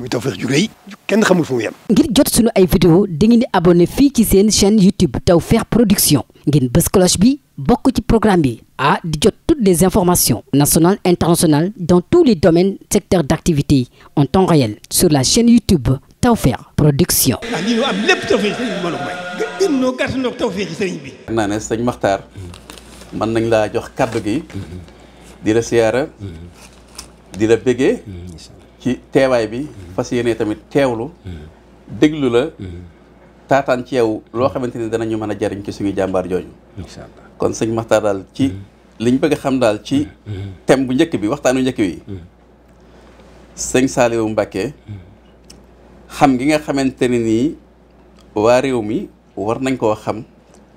muy Tawfekh ju rëy kenn xamul ngir jot sunu ay vidéo dangeen di abonné fii ci seen chaîne YouTube Tawfekh Production ngeen bës cloche bi bokk ci programme bi ah di jot toutes des informations national internationales dans tous les domaines secteurs d'activité en temps réel sur la chaîne YouTube Tawfekh Production. ah lii ñu am lépp Tawfekh sëriñ bi ma la may. gën noo bi. naa ne sëñ Makhtar mën nañ laa jox kàddu gi di mm-hmm. siyaara di la ci teewaay bi fas yéene tamit teewlu déglu la taataan ci yow loo xamante ni danañu mën a jariñ ci suñu jàmbaar jooju kon sëñ Maxtaar daal ci liñ bëgg xam daal ci thème bu njëkk bi waxtaanu njëkk bi sëñ Saliou Mbacké xam gi nga xamante ne nii waa réew mi war nañ koo xam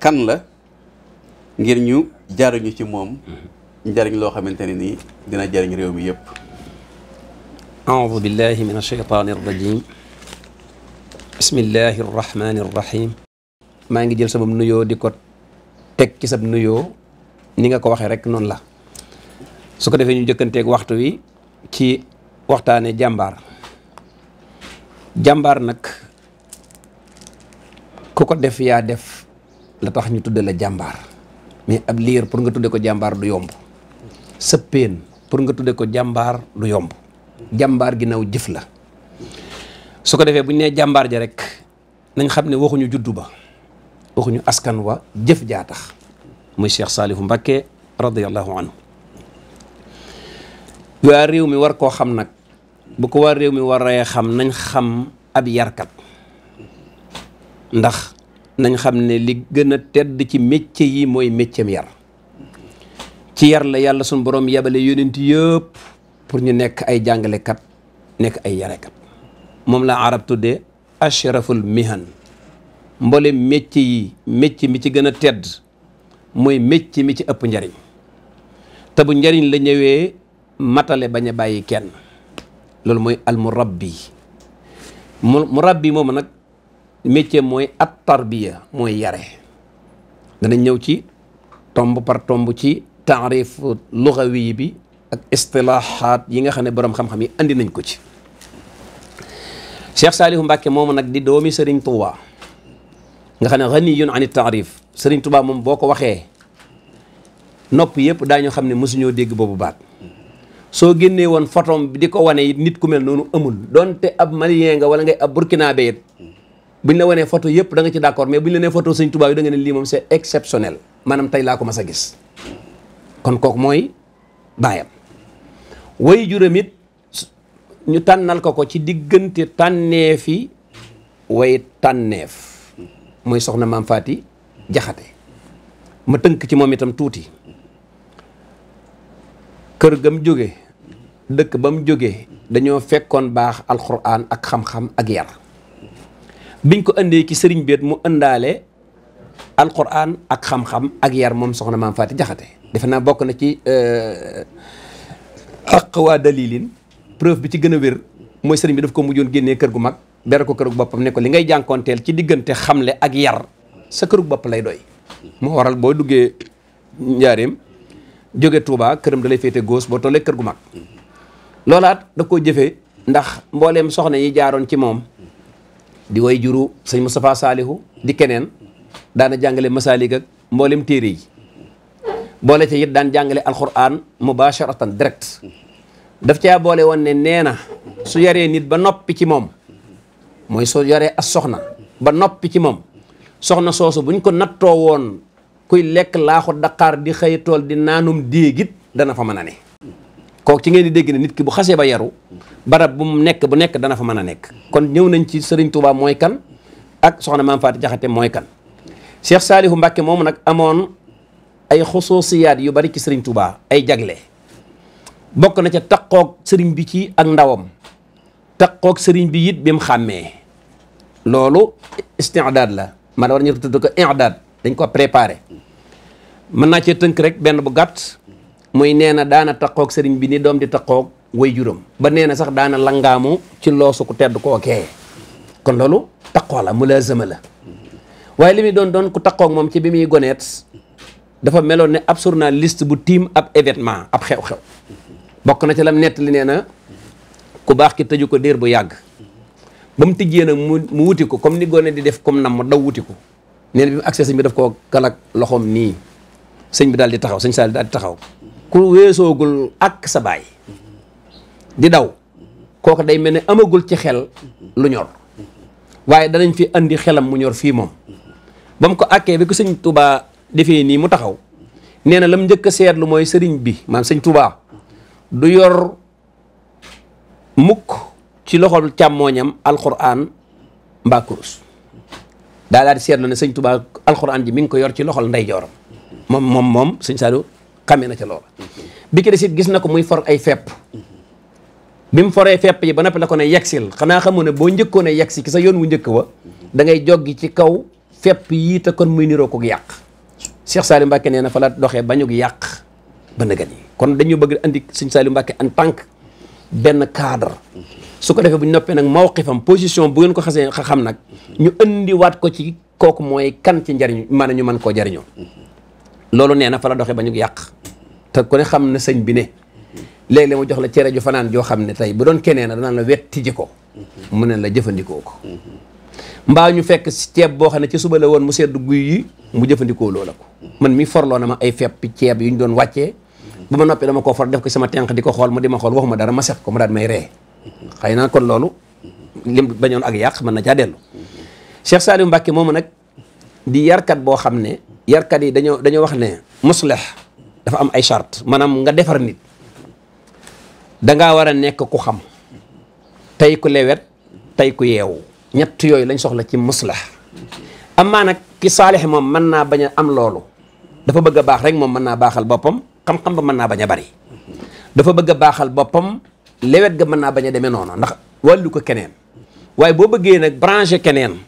kan la ngir ñu jariñu ci moom njariñ loo xamante ni nii dina jariñ réew mi yëpp أعوذ بالله من الشيطان الرجيم بسم الله الرحمن الرحيم maa ngi jël sama nuyoo di ko teg ci sab nuyoo ni nga ko waxee rek noonu la su ko defee ñu jëkkanteeg waxtu wi ci waxtaane jàmbaar jàmbaar nag ku ko def yaa def la tax ñu tudde la jàmbaar mais ab liir pour nga tudde ko jàmbaar du yomb sëppeen pour nga tudde ko jàmbaar du yomb jàmbaar gi naw jëf la su ko defee bu ñu nee jàmbaar ja rek nañ xam ne waxuñu juddu ba waxuñu askan wa jëf jaa tax muy Cheikh Saalihu Mbakke radiyallahu anhu waa réew mi war koo xam nag bu ko waa réew mi waree xam nañ xam ab yarkat ndax nañ xam ne li gën a tedd ci métier yi mooy métieram yar ci yar la yàlla suñu borom yabale yonent yëpp pour ñu nekk ay jàngalekat nekk ay yarekat moom la arab tuddee ashraful mihan mbole métti yi métti mi ci gën a tedd mooy métti mi ci ëpp njariñ te bu njariñ la ñëwee matale bañ a bàyyi kenn loolu mooy al murabbi mu murabbi moom nag métier mooy at tarbiya mooy yare danañ ñëw ci tomb par tomb ci taarif luxawi bi ak istilaaxaat yi nga xam ne borom xam-xam yi indi nañ ko ci Cheikh Saalihu Mbàkke moomu nag di doomi sëriñ Touba nga xam ne ganiyun ani taarif Serigne Touba moom boo ko waxee nopp yëpp daañu xam ne mosuñoo dégg boobu baat soo génnee woon photom bi di ko wane it nit ku mel noonu amul donte ab malien nga wala ngay ab burkinabé it buñ la wanee photo yëpp danga ci d'accord mais buñ la nee photo Serigne Touba yi da nga ne lii moom c'est exceptionnel maanaam tey laa ko mas a gis kon kooku mooy way juram ñu tànnal ko ko ci diggante tànneefi way tànneef mooy soxna maam Faati Jaxate ma tënk ci moom itam tuuti kër gam jóge dëkk ba mu jógee dañoo fekkoon baax alxuraan ak xam-xam ak yar biñ ko indee ci sëriñ beet mu ëndaale alxuraan ak xam-xam ak yar moom soxna maam Jaxate defe naa bokk na ci euh, ak waa dalilin preuve bi ci gën a wér mooy sëriñ bi daf ko mujjoon génnee kër gu mag bere ko kër gu boppam ne ko li ngay jànkoonteel ci diggante xamle ak yar sa kër gu bopp lay doy moo waral boo duggee njaareem jóge Touba këram da féete góos boo tollee kër gu mag loolaat da koo jëfee ndax mbooleem soxna yi jaaroon ci moom di way juru sëñ Moustapha Saalihu di keneen daana jàngale masaalik ak mbooleem téere yi boole ci it daan jàngale alquran mubasharatan direct daf caa boole woon ne nee na su yaree nit ba noppi ci moom mooy su yaree ak soxna ba noppi ci moom soxna soosu buñ ko nattoo woon kuy lekk laaxu daqaar di xëy tool di naanum déegit dana fa mën a ne kooku ci ngeen di dégg nit ki bu xasee ba yaru bara bu nekk bu nekk dana fa mën a nekk kon ñëw nañ ci Serigne Touba mooy kan ak soxna Maam Faati Jaxate mooy kan Cheikh Saalihu Mbàkke moomu nag amoon ay xusuusiyaat yu bari ci sëriñ Touba ay jagle bokk na ca taqoog sëriñ bi ci ak ndawam taqoog sëriñ bi it bi mu xàmmee loolu istidaad la man war ñu tudd ko idaad dañ ko préparé mën naa cee tënk rek benn bu gàtt muy nee na daana sëriñ bi ni doom di taqoog way juróom ba nee na sax daana langaamu ci loosu ku kon loolu taqoo la mulaazama la waaye li doon doon ku taqoog moom ci bi goneet dafa meloon ne ab journaliste bu tiim ab événement ab xew-xew bokk na ci lam nettali nee na ku baax ki tëju ko diir bu yàgg ba mu tijjee nag mu mu wuti ko comme ni gone di def comme nam ma daw wuti ko nee na bi mu accès sëñ bi daf loxoom nii sëñ bi daal di taxaw sëñ Saali daal di taxaw weesoogul ak sa baay di daw kooku day mel ne amagul ci xel lu ñor waaye danañ fi indi xelam mu ñor fii moom ba mu ko àkkee bi ko sëñ Tuubaa defee nii mu taxaw nee na lam njëkk a seetlu mooy sëriñ bi maanaam sëñ Touba du yor mukk ci loxol càmmooñam alquran mbaa kurus daa daal seetlu ne sëñ Touba alxuraan ji mi ngi ko yor ci loxol ndeyjooram moom moom moom sëñ Saliou xamee na ca loola bi ki des it gis na ko muy for ay fepp bi mu foree fepp yi ba noppi la ko ne yegsil xanaa xamu ne boo njëkkoon ne yegsi ki sa yoon wu njëkk wa dangay ngay joggi ci kaw fepp yii kon muy niroo ko yàq Cheikh Saliou Mbacke nee na fa la doxee bañu yàq ba nëgën kon dañu bëgg andi sëñ Saliou Mbacke en tant benn cadre su ko defee bu ñu noppee nag mawqifam position bu ngeen ko xasee xam nag ñu andiwaat ko ci kooku mooy kan ci njariñ maanaam ñu mën koo jariñoo loolu nee na fa la doxee bañu yàq te ku ne xam na sëñ bi ne léeg-léeg mu jox la cere ju fanaan joo xam ne tey bu doon keneen na danaan la wetti ji ko mu ne la jëfandikoo ko mbaa ñu fekk ceeb boo xam ne ci suba la woon mu sedd guy mu jëfandikoo loola ko man mi forloo na ma ay fepp ceeb yu ñu doon wàccee ba ma noppi dama ko for def ko sama tenq di ko xool mu di ma xool waxuma dara ma seq ko mu daal may ree xëy na kon loolu lim bañoon ak yàq mën na caa dellu Cheikh Saliou Mbacke moomu nag di yarkat boo xam ne yarkat yi dañoo dañoo wax ne musleh dafa am ay charte maanaam nga defar nit dangaa war a nekk ku xam tey ku lewet tey ku yeewu ñett yooyu lañ soxla ci muslah amaa nag ki saalix moom mën naa bañ a am loolu dafa bëgg baax rek moom mën naa baaxal boppam xam-xam ba mën naa bañ a bari dafa bëgg baaxal boppam lewet ga mën naa bañ a demee noonu ndax wàllu ko keneen waaye boo bëggee nag branché keneen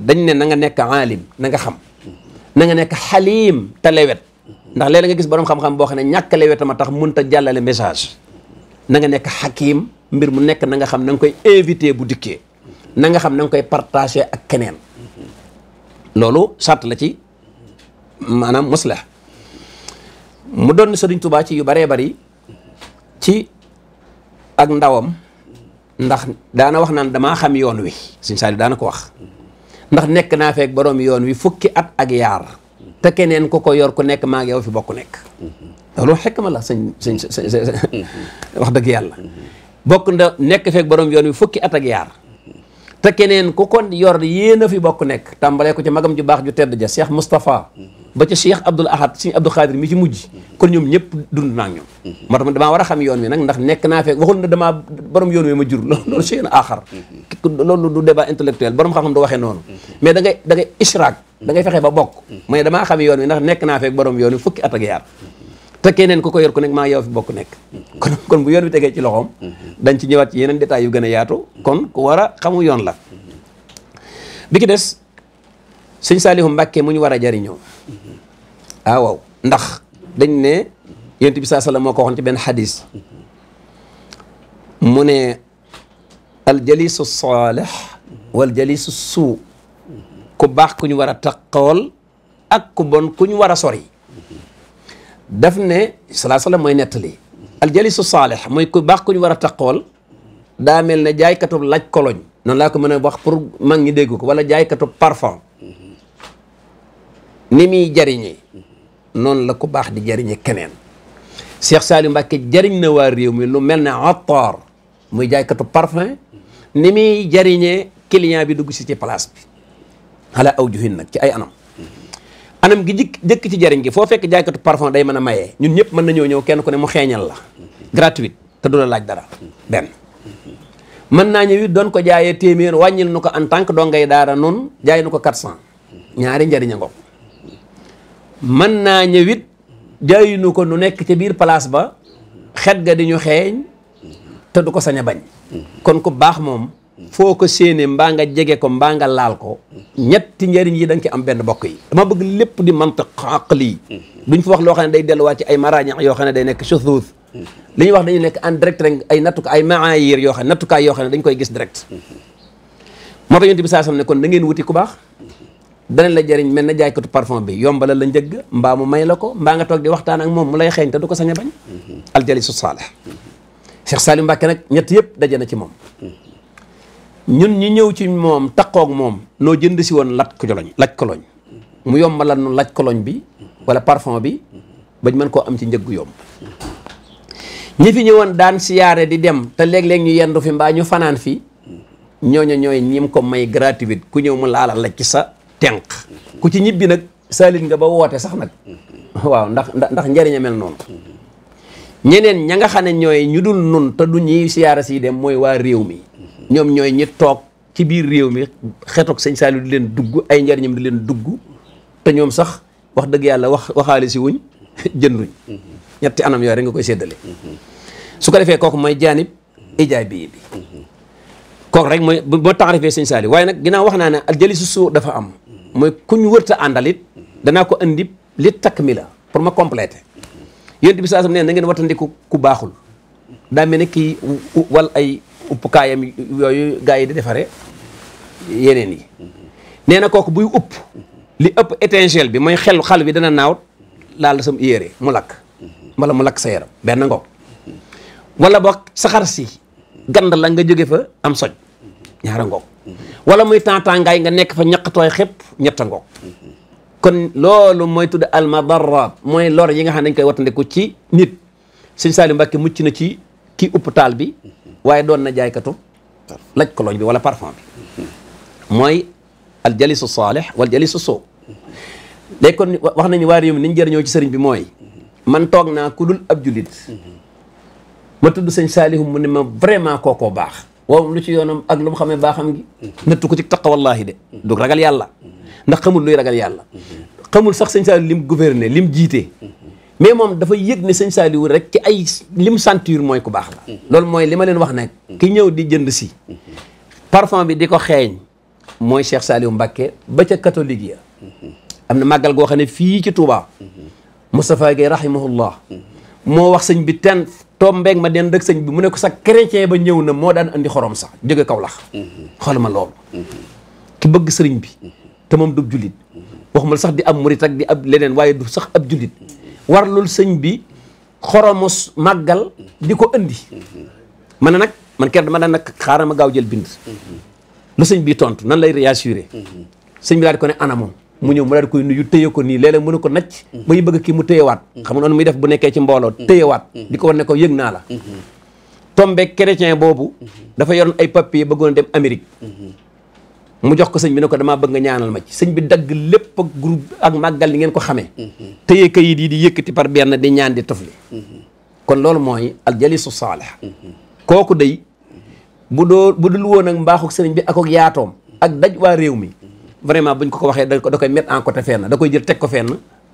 dañ ne na nga nekk aalim na nga xam na nekk xaliim te lewet ndax léeg nga gis borom xam-xam boo xam ne ñàkk lewetama tax mënut a jàllale message na nga nekk xakiim mbir mu nekk na nga xam na nga koy invité bu dikkee na nga xam nanga koy partagé ak keneen loolu sart la ci maanaam muslah mu doon Sëriñ Tuubaa ci yu baree bari ci ak ndawam ndax daana wax naan damaa xam yoon wi Sëriñ Saaliw daana ko wax ndax nekk naa feek borom yoon wi fukki at ak yaar te keneen ku ko yor ku nekk maa ngi fi bokk nekk loolu xekk ma la sëñ sëñ wax dëgg yàlla bokk na nekk feek borom yoon wi fukki at ak yaar te keneen ku ko yor yéen a fi bokk nekk tàmbalee ko ci magam ju baax ju tedd ja Cheikh Moustapha ba ci Cheikh Abdoul Ahad Serigne Abdou Khadir mi ci mujj kon ñoom ñëpp dund naa ak ñoom moo tax damaa war a xam yoon wi nag ndax nekk naa fekk waxul na damaa borom yoon wi ma jur loolu seen axar loolu du débat intellectuel borom xam-xam waxee noonu mais da ngay da ngay da ngay fexe ba bokk mais damaa xam yoon wi ndax nekk naa fekk borom yoon wi fukki at yaar te keneen ku ko yor ku nekk maa yow fi bokk nekk kon kon bu yoon tegee ci loxoom dañ ci ñëwaat yeneen détails yu gën a yaatu kon ku war a xamu yoon la bi ki des sëñ Saalihu Mbàkke mu ñu war a jariñoo awaw ah, ndax dañ ne yonent bi saa sallam ko waxoon ci benn xadis mu ne al jalisu saalih wal jalisu suu ku baax ku ñu war a taqool ak ku bon ku ñu war a sori daf ne salaa salaam mooy nettali aljalisu saalih mooy ku baax ku ñu war a taqool daa mel ne jaaykatub laj koloñ noonu laa ko mën a wax pour mag ñi dégg ko wala jaaykatub parfum ni muy jariñe noonu la ku baax di jariñe keneen Cheikh Saliou Mbacké jariñ na waa réew mi lu mel ne attar muy jaaykatub parfum ni muy jariñe client bi dugg si ci place bi ala aw juhin nag ci ay anam anam gi jëkk jëkk ci jariñ gi foo fekk jaaykatu parfum day mën a mayee ñun ñëpp mën nañoo ñëw kenn ko ne mu xeeñal la gratuite te du la laaj dara benn mën naa ñëw it doon ko jaayee téeméer wàññil nu ko en tant que dongay daara noonu jaay nu ko 400 ñaari njariñ a mën naa ñëw it jaayi ko nu nekk ca biir place ba xet ga di ñu xeeñ te du ko sañ a bañ kon ku baax moom foo ko séenee mbaa nga jege ko mbaa nga laal ko ñetti njariñ yi da nga ci am benn bokk yi dama bëgg lépp di mantiq aqli duñ fa wax loo xam ne day delluwaat ci ay marañi yoo xam ne day nekk shuzuuz ñuy wax dañu nekk en direct rek ay nattuka ay maayir yoo xam ne nattukaay xam ne dañ koy gis direct moo tax yonent bi saa sam ne kon da ngeen wuti ku baax danañ la jëriñ mel na jaaykatu parfum bi yomba la njëgg mbaa mu may la ko mbaa nga toog di waxtaan ak moom mu lay xeeñ te du ko sañ a bañ aljalisu saalih Cheikh Salim Mbacke nag ñett yëpp daje na ci moom ñun ñi ñëw ci moom takkook moom noo jënd si woon laj koloñ laj mu yombalal nu laj bi wala parfum bi bañ mën koo am ci njëggu yomb ñi fi ñëwoon daan siyaare di dem te léeg-léeg ñu yendu fi mbaa ñu fanaan fi ñooñu ñooy ñim ko may grativite ku ñëw mu laala laj ci sa tenq ku ci ñibbi nag saalit nga ba woote sax nag waaw ndax ndax njëriña mel noonu ñeneen ña nga xam ne ñooy ñu dul nun te du ñuy siyaare si dem mooy waa réew mi ñoom ñooy ñi toog ci biir réew mi xetoog sëñ Saliou di leen dugg ay njariñam di leen dugg te ñoom sax wax dëgg yàlla wax waxaale si wuñ jënduñ mm-hmm. ñetti anam yooyu rek nga koy séddale mm-hmm. su ko defee kooku mooy jaanib ijaay bi bi mm-hmm. kooku rek mooy boo taarifee sëñ Saliou waaye nag ginnaaw wax naa ne aljali su suu dafa am mooy kuñ wërta àndalit danaa ko indi li takk mi pour ma compléter yént bi saa sam ne na ngeen watandiku ku baaxul daa mel wal ay uppukaayam yooyu gaa yi di defaree yeneen yi nee na kooku buy upp li ëpp étingel bi mooy xel xal bi dana naaw laal sam yére mu lakk wala mu lakk sa yaram benn ngoog wala boog saxar si gand la nga jóge fa am soj ñaara ngoog mooy muy tàngaay nga nekk fa ñaqtooy xëpp ñetta ngoog kon loolu mooy tudd almadarrat mooy lor yi nga xam ne dañ koy wattandiku ci nit sëñ Saliou Mbacke mucc na ci kii upp taal bi waaye doon na jaaykatu laj koloñ bi wala parfum bi mooy al jalisu saalih wal jalisu soo léegi kon wax nañu waa réew mi ni ñu ci sëriñ bi mooy man toog naa ku dul ab julit ma tudd sëñ saalihu mu ne ma vraiment kookoo baax waaw lu ci yoonam ak lu mu xamee baaxam gi nattu ko ci taqawallaahi de du ragal yàlla ndax xamul luy ragal yàlla xamul sax sëñ lim gouverner lim jiite mais moom dafa yëg ne sëñ saaliwu rek ci ay lim sentir mooy ku baax la. loolu mooy li ma leen wax ne ki ñëw di jënd si. parfum bi di ko xeeñ. mooy Cheikh Saliou Mbacké ba ca katolik ya am na màggal goo xam ne fii ci Touba. Moustapha Guèye rahimahullah moo wax sëñ bi ten tombeeg ma den rek sëñ bi mu ne ko sa chrétien ba ñëw na moo daan indi xorom sax jóge kaw lax xool ma loolu. ki bëgg sëriñ bi. te moom du jullit. wax waxumala sax di ab murit ak di ab leneen waaye du sax ab jullit. war warlul sëñ bi xoromus màggal di ko ëndi ma ne nag man kenn man a nag xaaral ma gaaw jël bind lu sëñ bi tontu nan lay réassuré sëñ bi daal ko ne anamoom mu ñëw mu daal di koy nuyu téye ko nii léeg-léeg mënu ko nacc bay bëgg ki mu téyewaat xam nga noonu muy def bu nekkee ci mbooloo waat di ko war ne ko yëg naa la mhm. tombe chrétien boobu mhm. dafa yoroon ay papier bëggoon dem Amérique mhm. mu jox ko sëñ bi ne ko damaa bëgg nga ñaanal ma ci sëñ bi dagg lépp ak groupe ak màggal ni ngeen ko xamee mhm. téye kayit yi di yëkkati par benn di ñaan di tofli mhm. kon loolu mooy aljalisu saalih mhm. kooku dey bu doo bu dul woon ak mbaaxuk sëriñ bi ak yaatoom ak daj waa réew mi vraiment buñ ko ko waxee da koy mettre en côté fenn da koy jël teg ko fenn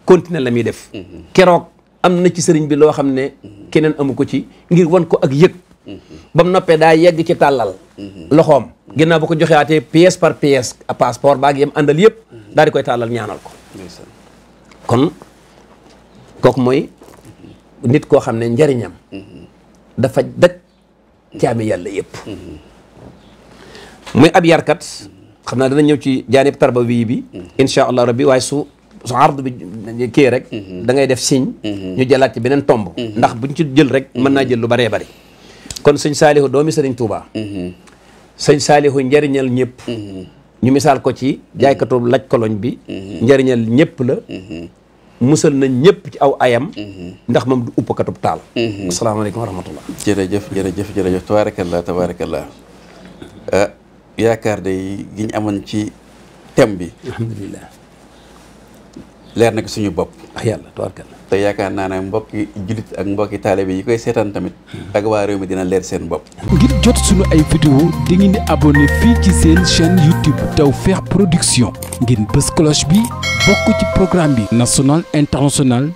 continuer la muy def keroog am na ci sëriñ bi loo xam ne keneen amu ko ci ngir won ko ak yëg mu noppee daa yegg ci tàllal loxoom ginnaaw bu ko joxe waatee par pièce a baa baag yam àndal yëpp daal di koy tàllal ñaanal ko kon kooku mooy nit koo xam ne njariñam dafa daj caami yàlla yëpp muy ab yarkat xam naa dana ñëw ci jaanib tarbawi bi insha allah rabbi waaye su su ardu bi kii rek mhm. da ngay def signe mhm. ñu jëlaat ci beneen tomb mhm. ndax buñ ci jël rek mën naa jël lu bëree bëri kon sëñ saalihu doomi añ Tuubaa sëñ Saalihu njariñal ñëpp mm-hmm. ñu misaal ko ci jaaykatub mm-hmm. laj koloñ bi mm-hmm. njariñal ñëpp la musal nañ ñëpp ci aw ayam ndax moom du uppkatub taal asalaamaaleykum wa rahmatullah jërëjëf jërëjëf jërëjëf tabaarakallah tabaarakallah eh, yaakaar day gi ñu amoon ci thème bi alhamdulilah leer na ko suñu bopp ah yàlla tabaarakallah te yaakaar naa ne mbokki jullit ak mbokki bi yi koy seetaan tamit ak waa réew mi dina leer seen bopp. ngir jot suñu ay vidéo di ngeen di abonné fii ci seen chaîne YouTube feex Production ngir bës cloche bi bokk ci programme bi national international